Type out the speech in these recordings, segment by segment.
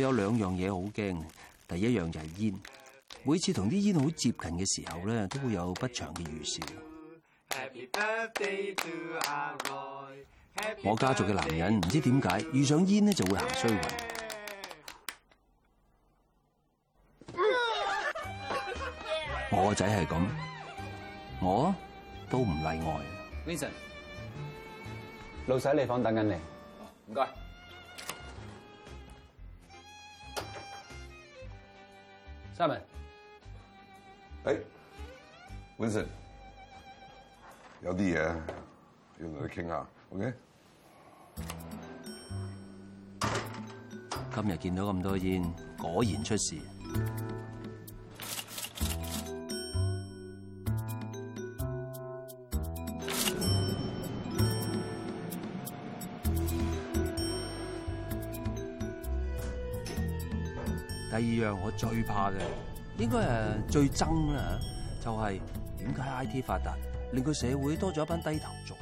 有兩樣嘢好驚，第一樣就係煙。每次同啲煙好接近嘅時候咧，都會有不祥嘅預兆。Happy Birthday to boy, Happy Birthday 我家族嘅男人唔知點解遇上煙咧就會行衰運。Yeah. 我仔係咁，我都唔例外。Vincent 老細喺你房等緊你，唔該。謝謝大文，哎，Vincent，有啲嘢要同你傾下，OK？今日見到咁多煙，果然出事。第二樣我最怕嘅，應該誒最憎啦，就係點解 IT 發達令個社會多咗一班低頭族，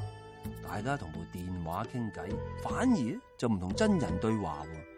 大家同部電話傾偈，反而就唔同真人對話喎。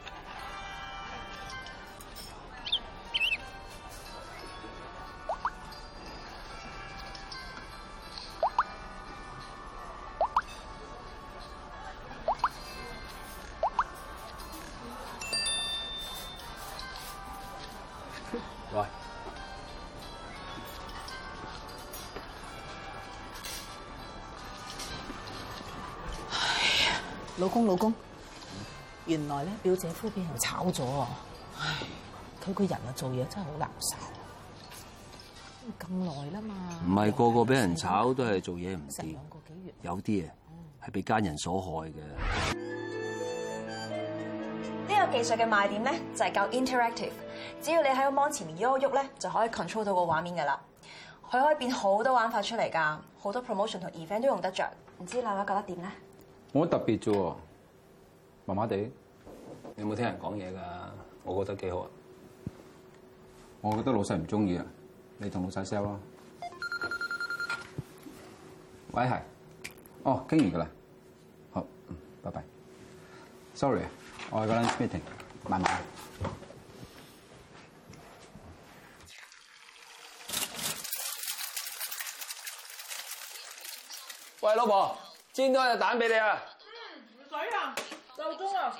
原來咧，表姐夫俾人炒咗啊！佢個人啊，做嘢真係好難受。咁耐啦嘛。唔係個個俾人炒都係做嘢唔掂，兩個幾月，有啲啊係被奸人所害嘅。呢個技術嘅賣點咧就係夠 interactive，只要你喺個網前面喐一喐咧，就可以 control 到個畫面㗎啦。佢可以變好多玩法出嚟㗎，好多 promotion 同 event 都用得着。唔知奶奶覺得點咧？冇特別啫，麻麻地。你有冇聽人講嘢㗎？我覺得幾好啊！我覺得老細唔中意啊！你同老細 sell 咯。喂係，哦，經理噶啦，好，嗯，拜拜。Sorry，我喺個 lunch meeting，慢慢。喂老婆，煎多隻蛋俾你啊！嗯，唔使啊，夠鐘啊。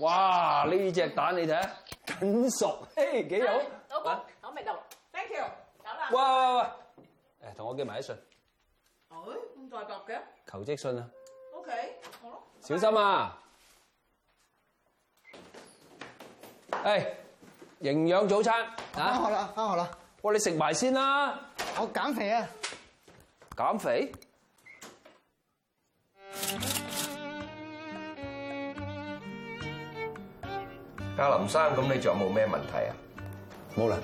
哇！呢隻蛋你睇，緊熟，嘿，幾好。老公，好味道，thank you，走啦。哇！誒，同我寄埋啲信。誒？咁大白嘅？求職信啊。OK，好啦。小心啊！誒，營養早餐。返學啦！返學啦！喂！你食埋先啦。我減肥啊。減肥？林生，咁你仲有冇咩問題啊？冇啦，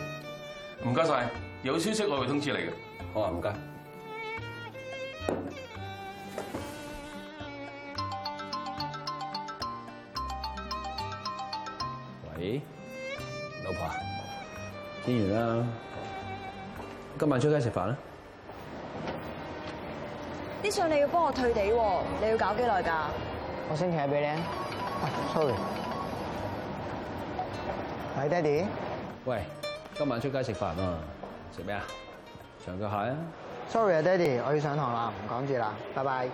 唔該晒。有消息我會通知你嘅。好啊，唔該。喂，老婆，天然啦，今晚出街食飯啦。啲相你要幫我退地喎，你要搞幾耐㗎？我星期一俾你啊。sorry。喂，爹哋。喂，今晚出街食飯啊？食咩啊？長腳蟹啊？Sorry 啊，爹哋，我要上堂啦，唔講住啦，拜拜。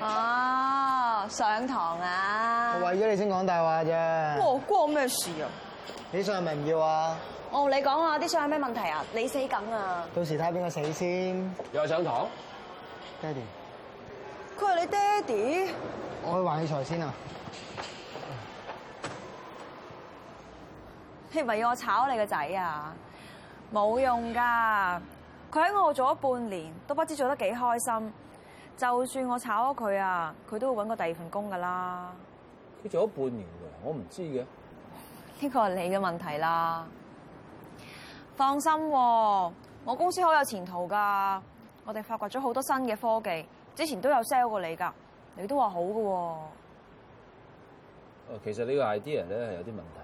啊，上堂啊？我為咗你先講大話啫。我關咩事啊？啲相係咪唔要啊？哦，你講啊，啲相係咩問題啊？你死梗啊！到時睇下邊個死先。又係上堂，爹哋。佢係你爹哋。我去還器材先啊。你唔係要我炒你個仔啊？冇用噶，佢喺我度做咗半年，都不知做得幾開心。就算我炒咗佢啊，佢都會搵個第二份工噶啦。佢做咗半年㗎，我唔知嘅。呢個係你嘅問題啦。放心，我公司好有前途噶。我哋發掘咗好多新嘅科技，之前都有 sell 過你噶，你都話好噶。誒，其實呢個 idea 咧係有啲問題。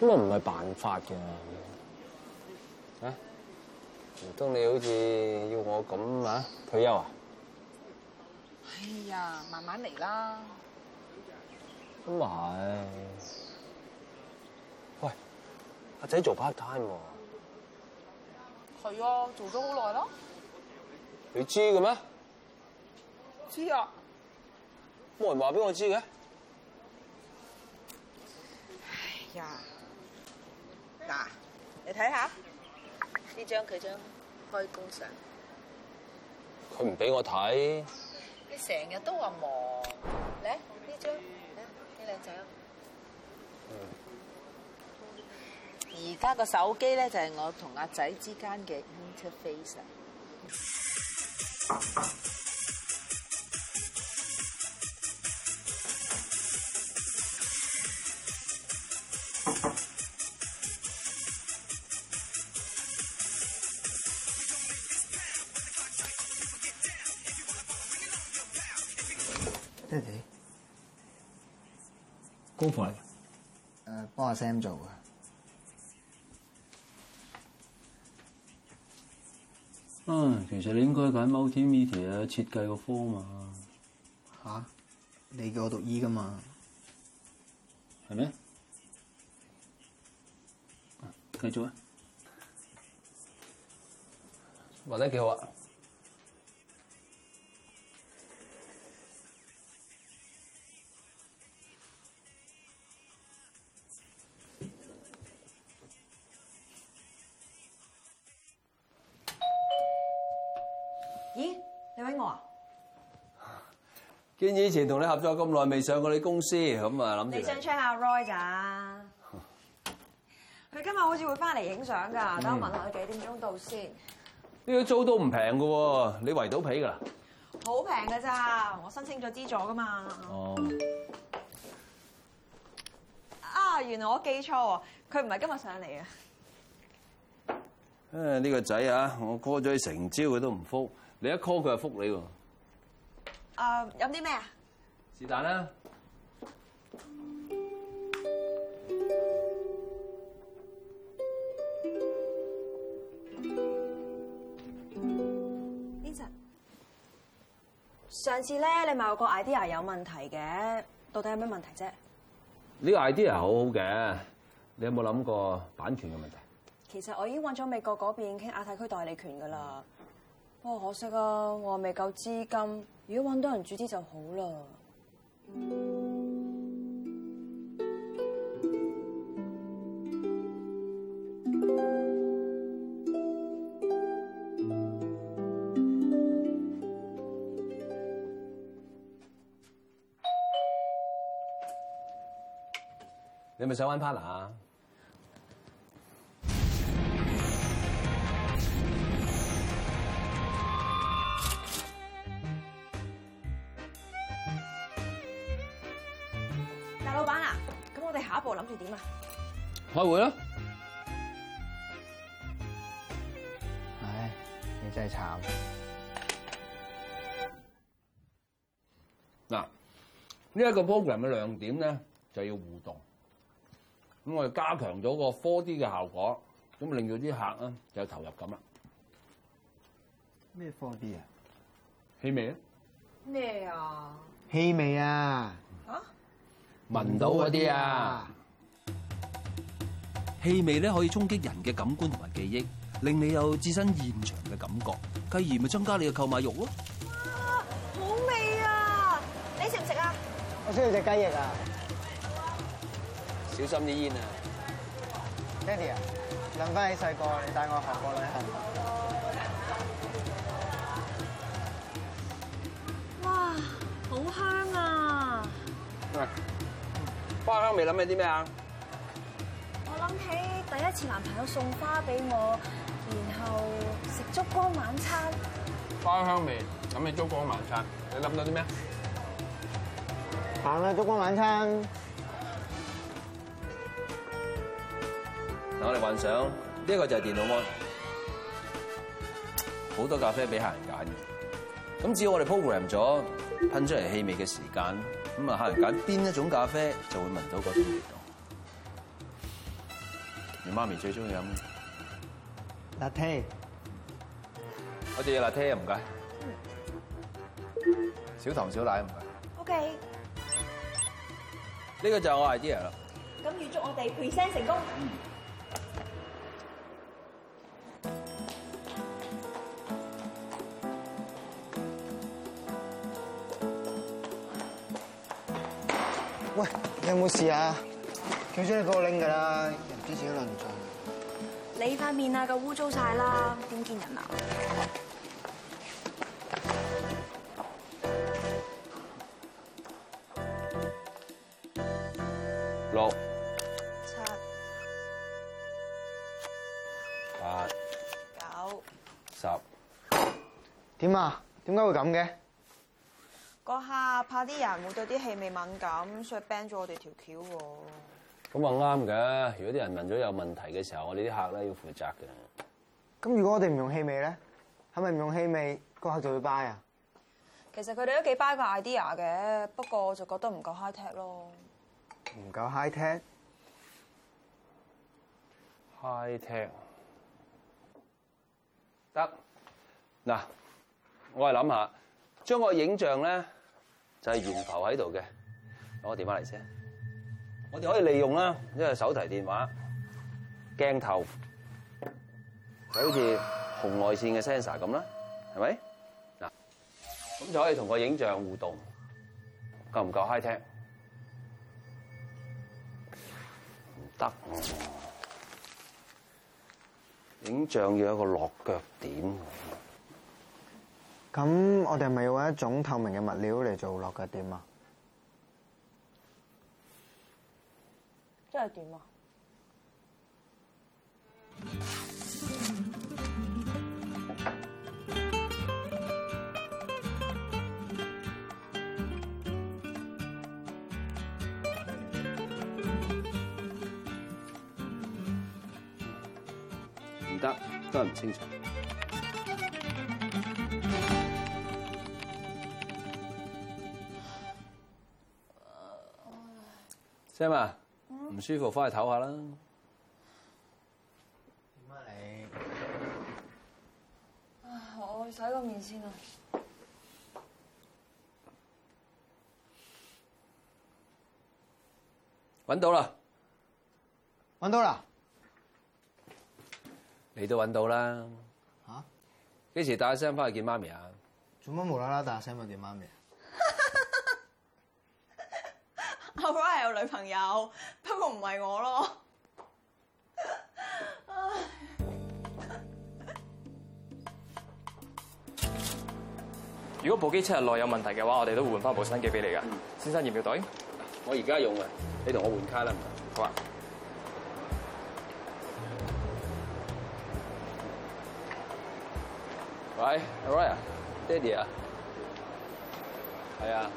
咁啊，唔係辦法嘅，唔通你好似要我咁啊？退休啊？哎呀，慢慢嚟啦。咁咪、就是？喂，阿仔做 part time 喎。係啊，做咗好耐囉。你知嘅咩？知啊。冇人話俾我知嘅。哎呀～你睇下呢張佢張開工相，佢唔俾我睇。你成日都話忙，嚟呢張嚟，你靚仔，而家個手機咧就係我同阿仔之間嘅 interface。嗯工作？誒，幫阿 Sam 做嘅。嗯、啊，其實你應該揀 Multimedia 設計個科嘛。啊你叫我讀醫㗎嘛？係咩？啊？繼續啊！我哋給我。見以前同你合作咁耐，未上過你公司，咁啊諗住。你想 check 下 Roy 咋？佢 今日好似會翻嚟影相㗎，等 我問下佢幾點鐘到先。呢個租都唔平嘅喎，你圍到皮㗎啦。好平嘅咋？我申請咗資助㗎嘛。哦。啊，原來我記錯，佢唔係今日上嚟啊。誒呢個仔啊，我 call 咗成朝佢都唔覆，你一 call 佢就覆你喎。誒飲啲咩啊？是但啦。l i s t 上次咧你咪我個 idea 有問題嘅，到底有咩問題啫？呢個 idea 好好嘅。你有冇諗過版權嘅問題？其實我已經揾咗美國嗰邊傾亞太區代理權噶啦。不過，可惜啊，我未夠資金，如果揾到人注資就好啦。你咪想玩 partner 啊？下一步諗住點啊？開會啦！唉，你真係慘。嗱，呢一個 program 嘅亮點咧，就要互動。咁我哋加強咗個 4D 嘅效果，咁令到啲客咧就有投入感啦。咩 4D 啊？氣味啊？咩啊？氣味啊？聞到嗰啲啊，氣味咧可以衝擊人嘅感官同埋記憶，令你有置身現場嘅感覺，繼而咪增加你嘅購買慾咯。哇，好味啊！你食唔食啊？我需要食雞翼啊！小心啲煙啊！爹哋啊，諗翻起細個，你帶我學過旅行。哇，好香啊！喂。花香味，諗起啲咩啊？我諗起第一次男朋友送花俾我，然後食燭光晚餐。花香味，諗起燭光晚餐，你諗到啲咩？行啦，燭光晚餐。嗱，我哋幻想呢、呢個就係電腦 model，好多咖啡俾客人揀嘅，咁只要我哋 program 咗噴出嚟氣味嘅時間。咁啊，客人揀邊一種咖啡，就會聞到嗰種味道。你媽咪最中意飲拿鐵，我哋要拿鐵唔該，小糖小奶唔該。OK，呢、呢個就係我 idea 啦。咁預祝我哋 present 成功。嗯。喂，你有冇事啊？叫姐你幫我拎㗎啦，人之前都論盡。你塊面啊，咁污糟晒啦，點見人啊？六七八九十，點啊？點解會咁嘅？怕啲人會對啲氣味敏感，所以 ban 咗我哋條橋喎。咁啊啱嘅。如果啲人聞咗有問題嘅時候，我哋啲客咧要負責嘅。咁如果我哋唔用氣味咧，係咪唔用氣味個客就會 buy 啊？其實佢哋都幾 buy 個 idea 嘅，不過我就覺得唔夠 high tech 咯。唔夠 high tech？high tech 得。嗱，我係諗下將個影像咧。就係源頭喺度嘅，攞個電話嚟先。我哋可以利用啦，因為手提電話鏡頭就好似紅外線嘅 sensor 咁啦，係咪？嗱，咁就可以同個影像互動，夠唔夠 high 聽？唔得哦，影像要一個落腳點。咁我哋咪要用一種透明嘅物料嚟做落腳點呀？真係點呀？唔得，都係唔清楚。啫嘛，嗯，唔舒服，翻去唞下啦。點啊你麼？我先洗個面先。搵到啦！搵到啦！你都搵到啦。吓，啊？幾時打聲翻去見媽咪啊？做乜冇啦啦打聲翻去見媽咪？阿 Roy 有女朋友，不過唔係我咯。如果部機七日內有問題嘅話，我哋都換翻部新機俾你㗎。先生，要唔要袋？我而家用啊，你同我換卡啦。好啊。喂，Roy 啊，爹哋啊，係啊。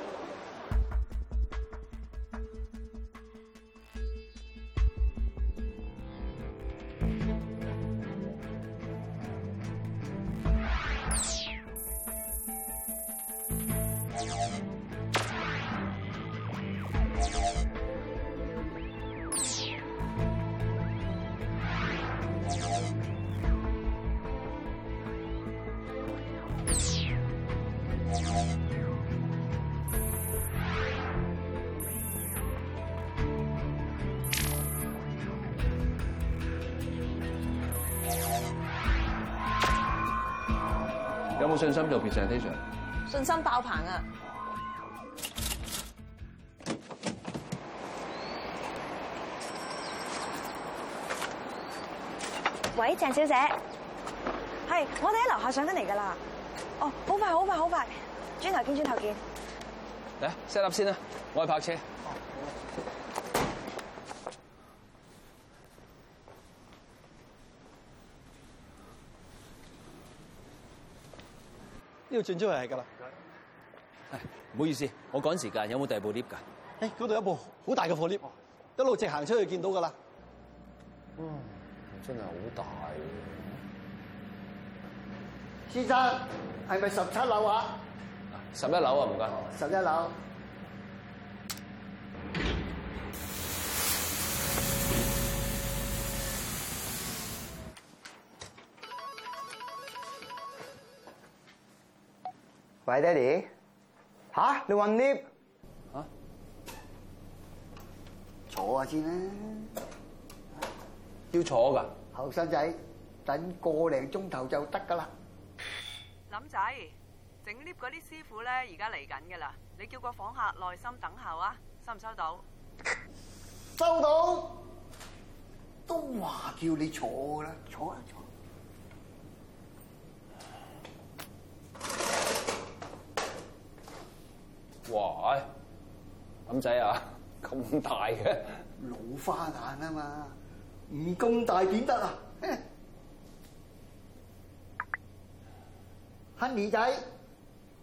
有信心做 presentation，信心爆棚啊！喂，鄭小姐，係，我哋喺樓下上緊嚟噶啦。哦，好快，好快，好快，轉頭見，轉頭見。嚟 set up 先啦，我去泊車。呢度轉出去係噶啦，哎，唔好意思，我趕時間，有冇第二部 lift 噶？誒、哎，嗰度有部好大嘅貨 lift，一路直行出去見到噶啦。哇、哦，真係好大，啊。先生係咪十七樓啊？十一樓啊，唔該，啊。十一樓。喂，爹哋，吓，你搵 lift？吓，坐下先啦，要坐噶？後生仔等個零鐘頭就得噶啦。林仔，整 lift 嗰啲師傅咧，而家嚟緊噶啦，你叫個訪客耐心等候啊，收唔收到？收到。都話叫你坐啦，坐啊坐。哇！咁仔啊，咁大嘅老花眼啊嘛，唔咁大點得啊！亨 利仔，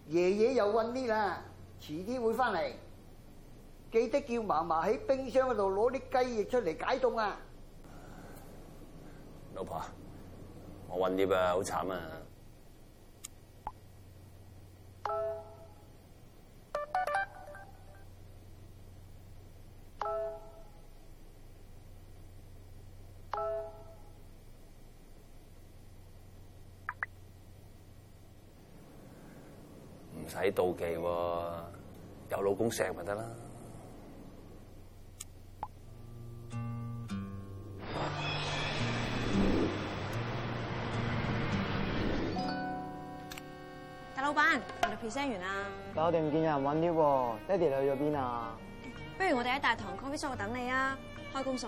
爺爺又搵啲啦，遲啲會翻嚟，記得叫嫲嫲喺冰箱嗰度攞啲雞翼出嚟解凍啊！老婆，我搵啲啊，好慘啊！唔使妒忌喎，有老公錫咪得啦。大老闆，我哋 present 完啦。唔見有人揾你喎，爹哋，你去咗邊啊？不如我哋喺大堂 coffee shop 等你啊，開公數。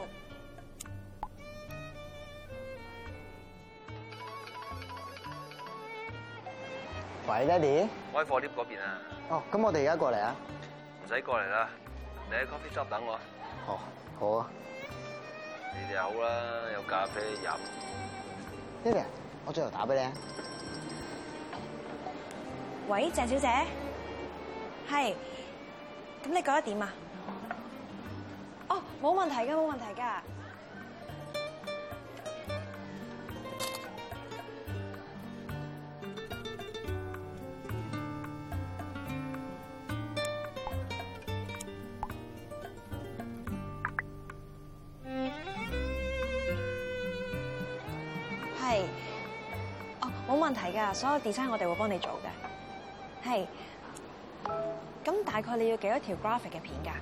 喂，爹哋，我喺貨 lift 嗰邊啊！哦，咁我哋而家過嚟啊！唔使過嚟啦，你喺 coffee shop 等我啊。哦，好啊。你哋好啦，有咖啡飲。爹哋，Daddy，我最後打俾你啊！喂，鄭小姐，係，咁你覺得點啊？哦，冇問題噶，冇問題噶。所有 design 我哋會幫你做嘅，係，咁大概你要幾多條 graphic 嘅片噶？